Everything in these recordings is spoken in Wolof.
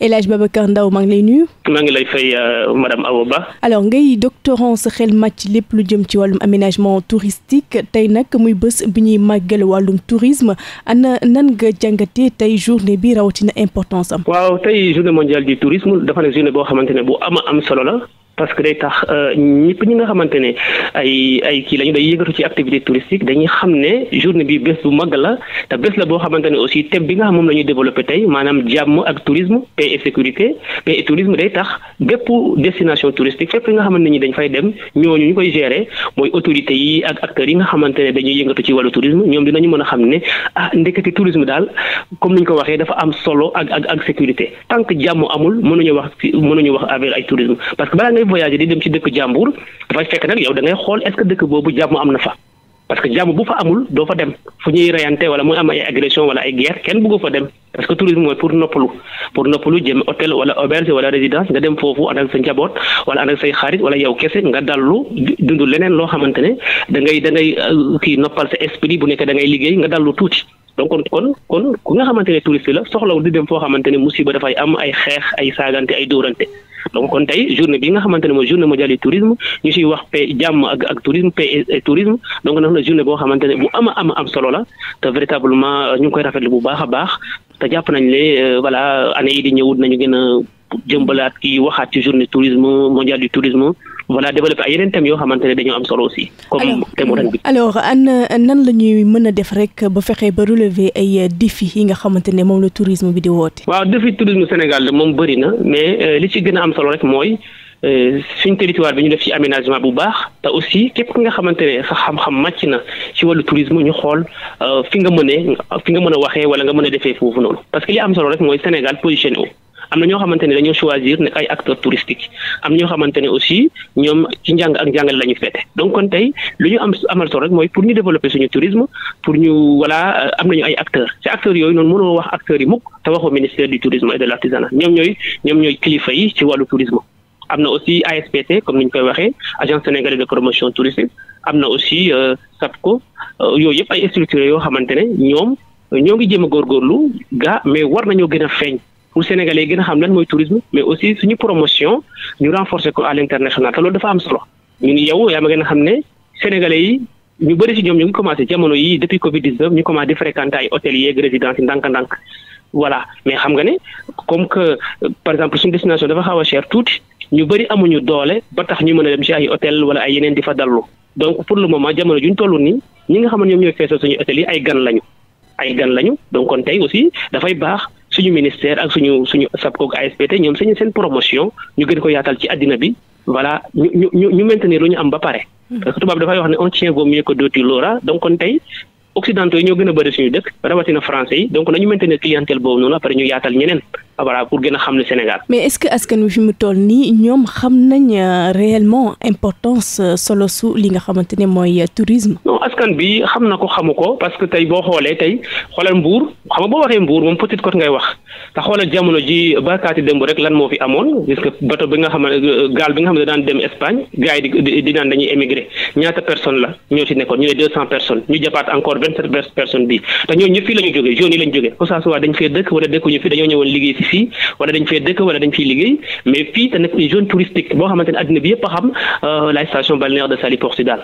El Hadj Babacar Ndao maa ngi lay nuyu. maa ngi lay fay euh, madame Awa Ba. alors ngay doctorant sa xel màcc lépp lu jëm ci wàllum aménagement touristique tey nag muy bés bi ñuy màggal wàllum tourisme na nan nga jàngatee tey journée bi rawatina importance am. waaw tey journée mondiale du tourisme dafa ne journée boo xamante ne bu ama am solo la. parce que day tax euh, ñëpp ñi nga xamante ne ay ay kii lañu day yëngatu ci activité touristique dañuy xam ne journée bi bés bu mag la te bés la boo xamante ne aussi thème bi nga xam moom la ñuy tey maanaam jàmm ak tourisme paix et day tax bépp destination touristique fépp nga xamante ne ñi fay dem ñooñu ñu koy gérer mooy autorité yi ak acteurs yi nga xamante ne dañuy yëngatu ci wàllu tourisme ñoom dinañu mën a xam ne ah ndekete tourisme daal comme ni ñu ko waxee dafa am solo ak ak ak sécurité tant que jàmm amul mënuñu wax mënuñu wax affaire ay tourisme parce que balaa ngay voyager di dem ci dëkk jàmbur dafay fekk nag yow da ngay xool est-ce que dëkk boobu jàmm am na fa parce que jàmm bu fa amul doo fa dem fu ñuy reyante wala muy am ay agression wala ay guerre kenn bëggu fa dem parce que tourisme mooy pour noppalu pour noppalu jëm hôtel wala auberge wala résidence nga dem foofu ànd ak sa njaboot wala ànd say xarit wala yow kese nga dallu dund leneen loo xamante ne da ngay euh, kii noppal sa esprit bu nekk da ngay liggéey nga dallu tuuti donc kon kon kon ku nga xamante ne touriste la soxlawul di dem foo xamante ne musiba dafay am ay xeex ay saagante ay dóorante donc kon tey journée bi nga xamante ne mooy journée mondiale du tourisme ñu siy wax paix jàmm ak ak tourisme paix et tourisme donc nag la journée boo xamante ne bu am ama am solo la te véritablement euh, ñu ngi koy rafetlu bu baax a baax te jàpp nañ le euh, voilà année yi di ñëwut nañu gën a jëmbalaat ki waxaat ci journée tourisme mondiale du tourisme voilà développer ay yeneen thèmes yoo xamante ne dañoo am solo si comme thème ren bi. alors an nan la ñuy mën a def rek ba fexee ba relever ay euh, défis yi nga xamante ne moom la tourisme bi di woote. waaw défi tourisme Sénégal moom bëri na mais euh, li ci gën a am solo rek mooy. Euh, suñ territoire bi ñu def ci aménagement bu baax te aussi képp ki nga xamante ne sa xam-xam màcc na ci wàllu tourisme ñu xool fi nga mënee fi nga mën a waxee wala nga mën a defee foofu noonu parce que li am solo rek mooy Sénégal positionné am na ñoo xamante ne dañoo choisir ne ay acteurs touristiques am na ñoo xamante ne aussi ñoom ci njàng ak njàngale la ñu féete donc kon tey lu ñu am amal solo rek mooy pour ñu développer suñu tourisme pour ñu voilà euh, am nañu ay acteurs ci acteurs yooyu noonu mënoo wax acteur yi mukk te waxoo ministère du tourisme et de l'artisanat ñoom ñooy ñoom ñooy kilifa yi ci wàllu tourisme. am na aussi ASPT comme ni ñu koy waxee agence sénégalaise de promotion touristique am na aussi ko euh, euh, yooyu yëpp ay structures yoo xamante ne ñoom ñoo ngi jéem a góorgóorlu ga mais war gën a feeñ pour sénégalais yi gën a xam lan mooy tourisme mais aussi suñu promotion ñu renforcer ko à l'international te loolu dafa am solo ñun yow yaa ma gën a xam ne sénégalais yi ñu bëri si ñoom ñu ngi commencé jamono yi depuis Covid 19 ñu commencé di fréquenter yi mais xam nga ne comme que par exemple suñu destination dafa xaw a cher tuuti ñu bëri amuñu doole ba tax ñu mën a dem si ay hôtel wala ay yeneen di fa dallu donc pour le moment jamono juñ toll nii ñi nga xam ne ñoom ñooy feesal suñu hôtel yi ay gan lañu ay gan lañu suñu ministère ak suñu suñu SAPCO a ASPT ñoom seen seen promotion ñu gën ko yaatal ci àddina bi voilà ñu ñu ñu maintenir lu am ba pare. Hmm. tubaab dafay wax ne on tient vaut mieux que d'autres donc kon occidentaux yi ñoo gën a bëri suñu dëkk rawatina français yi donc nañu maintenir clientèle boobu noonu après ñu yaatal ñeneen ah voilà pour gën a xam ne Sénégal. mais est-ce fi mu toll nii ñoom xam nañ euh, réellement importance euh, solo su li nga xamante ne mooy euh, tourisme. non askan bi xam na ko xamu ko parce que tey boo xoolee tey xoolal Mbour xam nga boo waxee Mbour moom Petite Côte ngay wax te xoolal jamono ji barkaati démb rek lan moo fi amoon gis nga bato bi nga xam ne bi nga xam ne daan dem Espagne gars yi di di ñoo ci nekkoon ñu ñu jàppaat encore vingt sept personnes bi te ñooñu ñëpp fii la ñu jógee yi la ñu jógee que dañ fee dëkk wala dëkkuñu fi liggéey mais fii te nekk zone touristique boo xamante ne bi yëpp a xam euh, la station balnéaire de Saly Portudal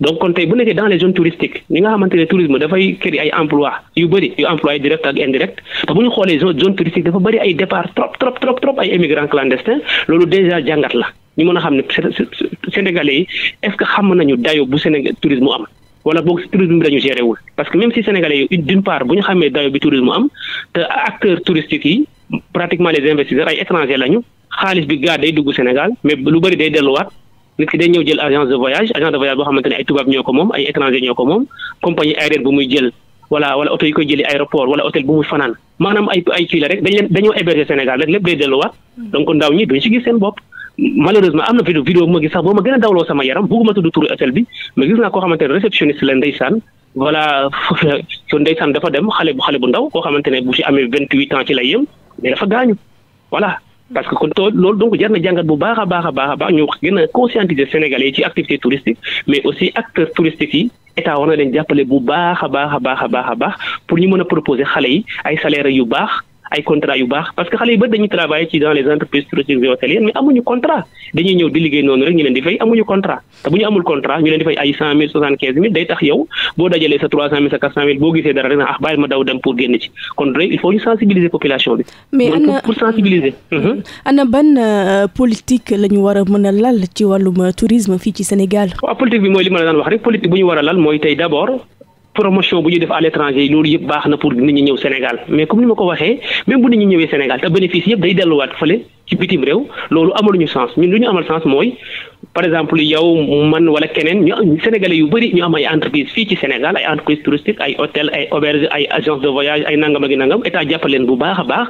donc kon tey bu nekkee dans les zones touristiques ñi nga xamante tourisme dafay créer ay emploi yu bëri yu emploi direct ak indirect te bu ñu xoolee zone touristique dafa bëri ay départ trop trop trop ay émigrants clandestins loolu déjà jàngat wala boog si tourisme bi dañu géré parce que même si sénégalais yi d'une part bu ñu xamee dayo bi tourisme am te acteurs yi pratiquement les investisseurs ay étrangers lañu xaalis bi gaa day dugg Sénégal mais lu bëri day delluwaat nit ki day ñëw jël agence de voyage agence de voyage boo xamante ne ay tubaab ñoo ko moom ay étranger ñoo ko moom compagnie aérienne bu muy jël wala wala oto koy jëli aéroport wala hôtel bu muy fanaan maanaam ay ay malheureusement am na vidéo vidéo bu ma gis sax boo ma gën a dawloo sama yaram bugguma tudd turu hôtel bi mais gis naa koo xamante ne réceptionniste la ndeysaan voilà ndeysaan dafa dem xale bu xale bu ndaw koo xamante ne bu ci amee vingt huit ans ci lay yem mais dafa gaañu voilà parce que kon loolu donc jar na jàngat bu baax a baax a baax a baax ñu gën a conscientiser Sénégalais yi ci activité touristique mais aussi acteurs touristiques yi état war na leen jàppale bu baax a baax a baa a baax a baax pour ñu mën a proposer xale yi ay salaire yu baax ay contrat yu baax parce que xale yu bëri dañuy travailler ci dans les entreprises structurées hôtelières mais amuñu contrat dañuy ñëw di liggéey noonu rek ñu leen di fay amuñu contrat te bu ñu amul contrat ñu leen di fay ay cent mille soixante quinze mille day tax yow boo dajalee sa trois cent mille sa quatre cent mille boo gisee dara rek ah bàyyil ma daw dem pour génn ci kon il faut ñu sensibiliser population bi. mais ana pour sensibiliser. Mm-hmm. Mm-hmm. ana ban euh, a mën promotion bu ñuy def à l'étranger loolu yëpp baax na pour nit ñi ñëw Sénégal mais comme ni ma ko waxee même bu nit ñi ñëwee Sénégal te bénéfice yëpp day delluwaat fële ci bitim réew loolu amaluñu sens ñun lu ñu amal sens mooy par exemple yow man wala keneen ñu sénégalais yu bari ñu am ay entreprise fii ci Sénégal ay entreprise touristique ay hôtel ay auberge ay agence de voyage ay nangam ak nangam état jàppale bu baax a baax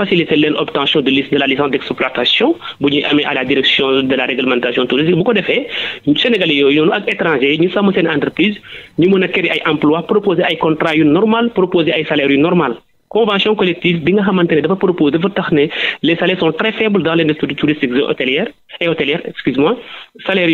faciliter leen obtention de liste de la licence d'exploitation bu ñuy amee à la direction de la réglementation touristique bu ko defee sénégalais yooyu noonu ak étrangers yi ñu sàmm seen entreprise ñu mën a créer ay emploi proposer ay contrat yu normal proposer ay salaires yu normal convention collective bi nga xamante ne dafa propose dafa tax ne les salaires sont très faibles dans l'industrie touristique hôtelière et hôtelière excuse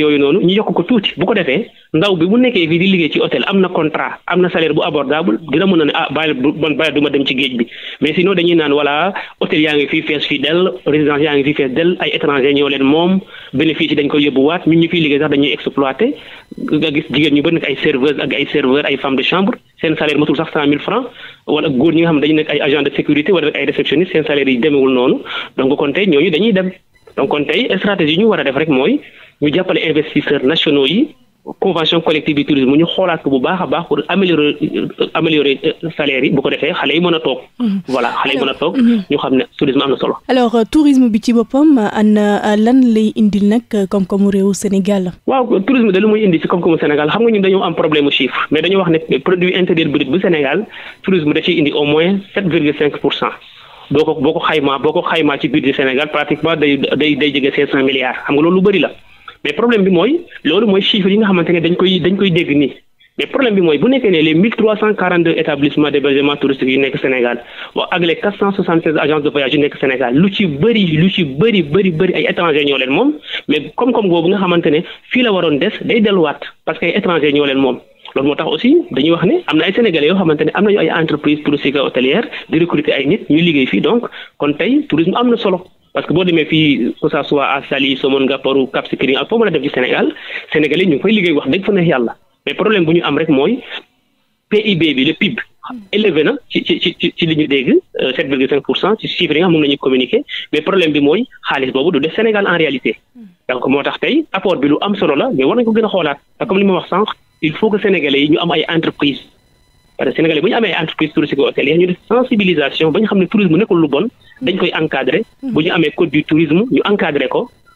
yooyu noonu ñu yokk ko tuuti bu ko defee ndaw bi bu nekkee fii di liggéey ci hôtel am na contrat am na salaire bu abordable dina mën a ne ah bàyyi bon bàyyi du ma dem ci géej bi mais sinon dañuy naan voilà hôtel yaa ngi fii fees fii dell résidence yaa ngi fii fees dell ay étranger ñoo leen moom bénéfice yi dañ koy yóbbuwaat ñun ñu fiy liggéey sax dañuy exploité nga gis jigéen ay serveuse ak ay serveur ay femme de chambre seen salaire matul sax cent mille francs wala góor ñi nga xam ne dañu nekk ay agent de sécurité wala ay réceptionniste seen salaire noonu donc kon tey ñooñu dañuy dem donc kon tey stratégie ñu war a def rek mooy ñu jàppale investisseurs nationaux yi convention collective du tourisme ñu xoolaat ko bu baax a baax pour améliorer euh, améliorer euh, salaire yi bu ko defee xale yi mën a toog. Mhm. voilà xale yi mën a toog. Mhm. ñu xam ne tourisme am na solo. alors euh, tourisme bi ci boppam ana lan lay indil nag koom-koomu réewu Sénégal. waaw tourisme de lu muy indi ci koom-koomu Sénégal xam nga ñu dañoo am problème mu chiffre mais dañoo wax ne produit intérieur brut bu Sénégal tourisme da ciy indi au moins sept virgule cinq pour cent. boo ko boo ko xaymaa boo ko xaymaa ci budget Sénégal pratiquement day day day jege cinq cent milliards xam lu bëri la. mais problème bi mooy loolu mooy chiffre yi nga xamante ne dañ koy dañ koy dégg nii mais problème bi mooy bu nekkee ne les mille trois cent quarante deux établissements d'hébergement touristique yu nekk Sénégal wa ak les quatre cent soixante seize agences de voyage yu nekk Sénégal lu ci bëri lu ci bëri bëri bëri ay étrangers ñoo leen moom mais koom-koom boobu nga xamante ne fii la waroon des day delluwaat parce que ay étrangers ñoo leen moom loolu moo tax aussi dañuy wax ne am na ay sénégalais yoo xamante ne am nañu ay entreprises touristiques hôtelières di recruter ay nit ñuy liggéey fii donc kon tey tourisme am na solo. parce que boo demee fii que ça soit à Saly Somone Ngaparou Cap Skirring ak foo mën a def ci Sénégal sénégalais ñu fay liggéey wax dëgg fa yàlla mais problème rek mooy bi le PIB na ci li ñu dégg 7,5 euh, pour cent ci chiffre yi nga xam moom la bi mooy xaalis boobu du def Sénégal en réalité donc moo tax tey apport bi lu am solo la mais war nañu ko gën a xoolaat comme li ma wax sànq il faut que sénégalais yi ñu am ay entreprise parce que sénégalais bu ñu amee entreprise touristique hôtelière ñu def sensibilisation ba ñu xam ne tourisme nekkul lu bon dañ koy encadrer mmh. bu ñu amee code du tourisme ñu encadrer ko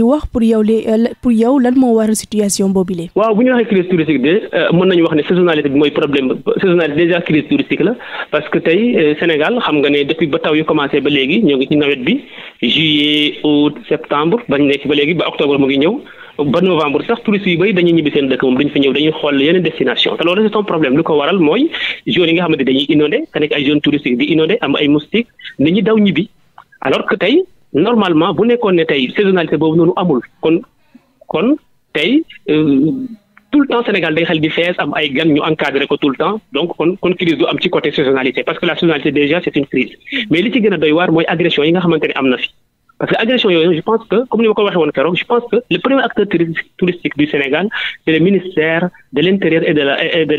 di wax pour yow li euh, lan moo waral situation boobile. waaw bu ñu waxee crise touristique de euh, mën nañu wax ne saisonnalité bi mooy problème saisonnalité déjà crise touristique la parce que tey euh, Sénégal xam nga ne depuis ba taw yu commencé ba léegi ñoo ngi ci nawet bi juillet août septembre ba ñu nekk ba léegi ba octobre mu ngi ñëw. ba novembre sax touristes yu bëri dañuy ñibbi seen dëkk moom duñu fa ñëw dañuy xool yeneen destination te loolu c'est problème lu ko waral normalement bu nekkoon ne tey saisonnalité boobu noonu amul kon kon tey euh, tout le temps Sénégal day xel di fees am ay gan ñu encadré ko tout temps donc kon crise du am ci côté saisonnalité parce que la saisonnalité déjà c'est une crise mais li ci gën a doy waar mooy agression yi nga xamante ne am na fi parce que agression yooyu je pense que comme ni ma ko waxee woon keroog je pense que le premier acteur touristique du Sénégal le ministère de l'intérieur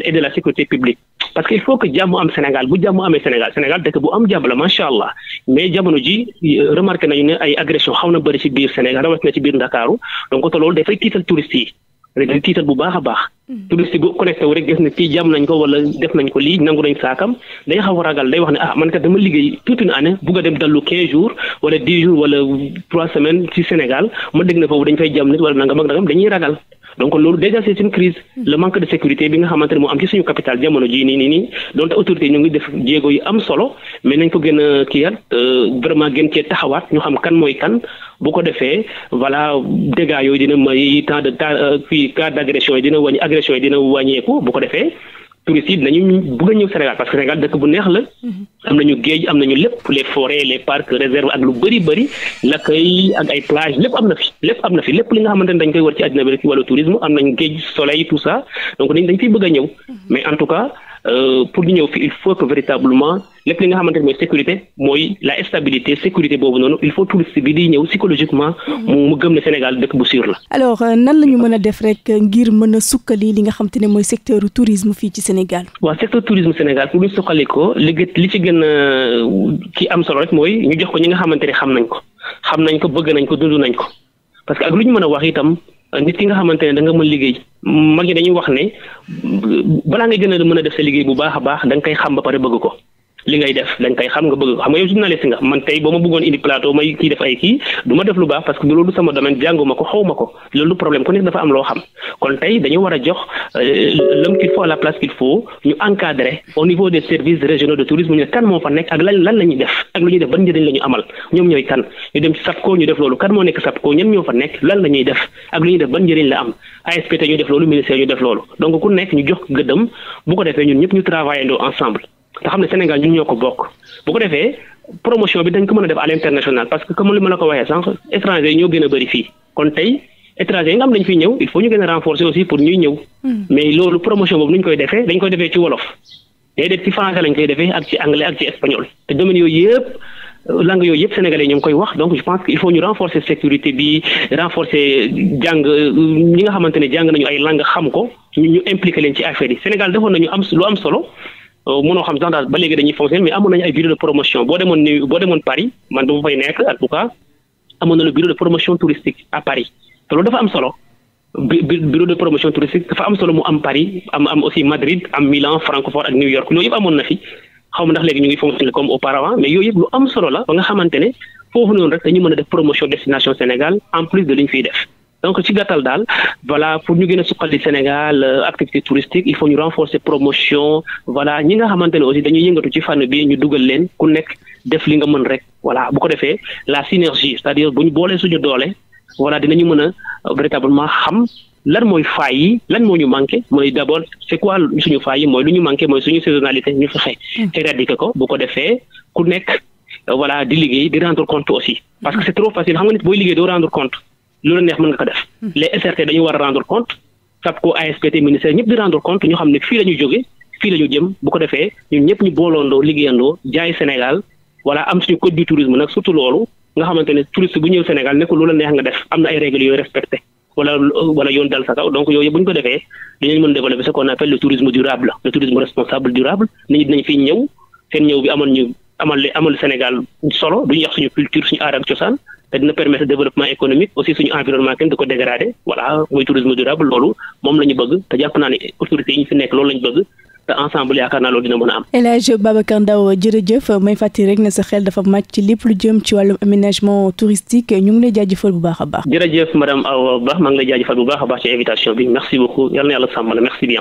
et de la sécurité publique parce que il faut que jàmm am Sénégal bu jàmm amee Sénégal Sénégal dëkk bu am jàmm la macha allah mais jamono ji euh, remarqué nañu ne ay agression xaw na bëri ci biir Sénégal rawatina ci biir Ndakaaru donc te loolu dafay tiital touristes yi rek di tiital bu baax a baax. Mm. touriste bu connecté wu rek gis ne ci jam nañ ko wala def nañ ko lii nangu nañ saakam day xaw a ragal day wax ne ah man ka dama liggéey toute na année bugg a dem dallu 15 jours wala 10 jours wala 3 semaines ci Sénégal ma dégg na foofu dañ fay jàmm nit wala nangam ak nangam dañuy ragal. donc loolu déjà c'est une crise le manque de sécurité bi nga xamante ne moo am ci suñu capital jamono jii nii nii nii donte autorité ñu ngi def jéego yu am solo mais nañ ko gën a kii kiiyat euh, vraiment gën cee taxawaat ñu xam kan mooy kan bu ko defee voilà dégâts yooyu dina may temps de temps fii euh, cas d'agression yi dina wàññi agression yi dina wàññeeku bu ko defee touristes yi dinañu bëgg a ñëw Sénégal parce que Sénégal dëkk bu neex la mhm. am nañu géej am nañu lépp les forêts les parcs réserves ak lu bëri bëri l'accueil ak ay plage lépp am na fi lépp am na fi lépp li nga xamante ne dañ koy war ci àddina bi rek ci wàllu tourisme am nañu géej soleil tout donc dañ dañ fiy bëgg a ñëw mhm. mais en tout cas Euh, pour ñu ñëw fi il faut que véritablement lépp li nga xamante ni mooy sécurité mooy la stabilité sécurité boobu noonu il faut touriste bi di ñëw psychologiquement. mu mu gëm ne Sénégal dëkk bu sûr la. alors euh, nan la ñu mën a def rek ngir mën a sukkali li nga xam te ne mooy secteur tourisme fii ci Sénégal. waaw secteur tourisme Sénégal pour ñu suqali ko li ci gën a euh, ki am solo rek mooy ñu jox ko ñi nga xamante ne xam nañ ko xam nañ ko bëgg nañ ko dund nañ ko parce que lu ñu mën a wax itam nit ki nga xamante ne da nga mën liggéey mag ñi dañuy wax ne balaa nga gën a mën a def sa liggéey bu baax a baax da nga koy xam ba pare bëgg ko li ngay def da nga xam nga bëgg ko xam nga yow journaliste nga man tey boo ma bëggoon indi plateau may kii def ay kii du ma def lu baax parce que loolu sama domaine jànguma ko xaw ko loolu problème ku nekk dafa am loo xam kon tey dañu war a jox euh, l'homme qu'il faut à la au niveau des services régionaux de tourisme ñu ne nekk ak lan lan la ñuy def ak lu amal ñoom ñooy kan ñu dem ci SAPCO ñu def loolu kan moo nekk SAPCO ñen ñoo fa nekk lan la ñuy def ak lu ñuy def ban njëriñ la am ASPT ñu def loolu ministère ñu def loolu donc ku nekk ñu jox gëddam ko defee ñun ñëpp ñu travailler ensemble te xam ne Sénégal ñun ñoo ko bokk bu ko defee promotion bi dañ ko mën a def à l'international parce que comme li ma la ko waxee sànq étranger ñoo gën a bëri fii kon tey étranger yi nga xam dañ fiy ñëw il faut ñu gën a renforcer aussi pour ñuy ñëw hmm. mais loolu promotion boobu nuñ koy defee dañ koy defee ci wolof day koy defee ak ci anglais ak ci espagnol yooyu yëpp langue yooyu yëpp sénégalais ñoo ngi koy wax donc je pense qu'il faut ñu renforcer sécurité bi renforcer jàng ñi nga xamante ne jàng nañu ay langue xam ko ñu impliqué leen ci affaire yi Sénégal defoon nañu am lu am solo Euh, mënoo xam gendarme ba léegi dañuy fonctionner mais amoon nañu ay bureau de promotion boo demoon ni boo demoon Paris man ba mu fay amoon na le bureau de promotion touristique dafa am solo bureau am solo mu am Paris am am aussi Madrid am Milan Francfort ak New York loolu yëpp amoon na fi xaw ma ndax léegi ñu ngi comme auparavant mais yooyu yëpp lu am solo la ba nga xamante ne foofu noonu rek dañu mën a def promotion destination Sénégal en plus de li ñu fiy def. donc ci gàttal daal voilà pour ñu gën a suqali Sénégal euh, activité touristique il faut ñu renforcer promotion voilà ñi nga xamante ne aussi dañuy yëngatu ci fànn bi ñu dugal leen ku nekk def li nga mën rek voilà bu ko defee la synergie c'est-à-dire ñu boolee suñu doolee wala dinañu mën a véritablement xam lan mooy faay yi lan moo ñu manqué mooy d'abord c'est quoi suñu faay yi mooy lu ñu manqué mooy suñu saisonnalité ñu fexe mmh. éradiquer ko bu ko defee ku nekk voilà di liggéey di rendre compte lu la neex mën nga ko def hmm. les SRT dañu war a rendre compte SAPCO ASPT ministère ñëpp di rendre compte ñu xam ne fii la ñu jóge fii la jëm bu ko defee ñun ñëpp ñu booloondoo liggéeyandoo jaay Sénégal wala am suñu code loolu nga xamante ne touriste bu ñëw Sénégal ne ko lu la neex nga def am na ay règles yooyu respecté wala yoon dal sa kaw donc yooyu bu ñu ko defee dañu mën développer ce qu'on appelle le tourisme durable le tourisme responsable durable nit ñi dinañ fi ñëw seen ñëw bi amoon ñu amal amal Sénégal solo duñu yàq suñu culture suñu aada ak cosaan te dina permettre développement économique aussi suñu environnement kenn du ko dégradé voilà mooy tourisme durable loolu moom la bëgg te jàpp naa ne autorités yi ñu fi nekk loolu la bëgg te ensemble yaakaar naa loolu dina mën a am. El Hadj Babacar jërëjëf may fàttali rek ne sa xel dafa màcc ci lépp lu jëm ci wàllum aménagement touristique ñu ngi lay jaajëfal bu Ba maa ngi bu baax a baax bi